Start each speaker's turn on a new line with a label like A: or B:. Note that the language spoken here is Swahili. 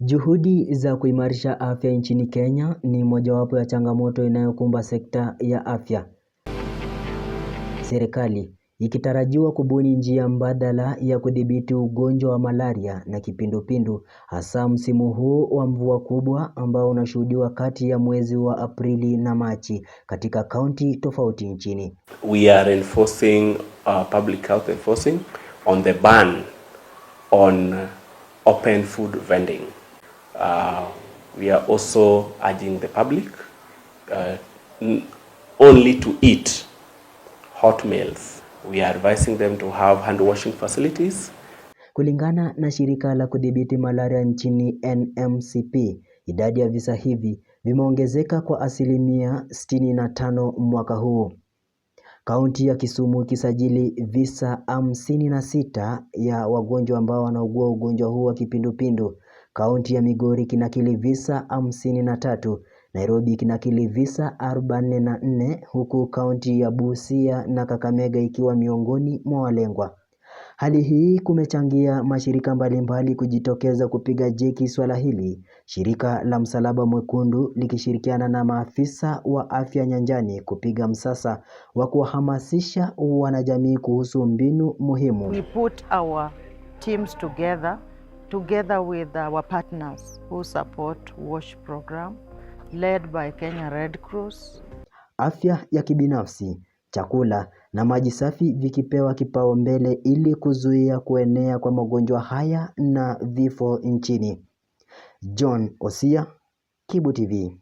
A: Juhudi za kuimarisha afya nchini Kenya ni mojawapo ya changamoto inayokumba sekta ya afya. Serikali ikitarajiwa kubuni njia mbadala ya kudhibiti ugonjwa wa malaria na kipindupindu hasa msimu huu wa mvua kubwa ambao unashuhudiwa kati ya mwezi wa Aprili na Machi katika kaunti tofauti nchini.
B: We are enforcing uh, public health enforcing on the ban on uh, open food vending. Uh, we are also urging the public uh, only to eat hot meals. We are advising them to have hand washing facilities.
A: Kulingana na shirika la kudhibiti malaria nchini NMCP, idadi ya visa hivi vimeongezeka kwa asilimia 65 mwaka huu. Kaunti ya Kisumu ikisajili visa hamsini na sita ya wagonjwa ambao wanaugua ugonjwa huu wa kipindupindu kaunti ya Migori kinakili visa na tatu Nairobi kinakili visa na nne huku kaunti ya Busia na Kakamega ikiwa miongoni mwa walengwa. Hali hii kumechangia mashirika mbalimbali mbali kujitokeza kupiga jeki swala hili, shirika la Msalaba Mwekundu likishirikiana na maafisa wa afya nyanjani kupiga msasa wa kuwahamasisha wanajamii kuhusu mbinu muhimu.
C: We put our teams together together with our partners who support WASH program led by Kenya Red Cross.
A: Afya ya kibinafsi, chakula na maji safi vikipewa kipaumbele ili kuzuia kuenea kwa magonjwa haya na vifo nchini. John Osia, Kibu TV.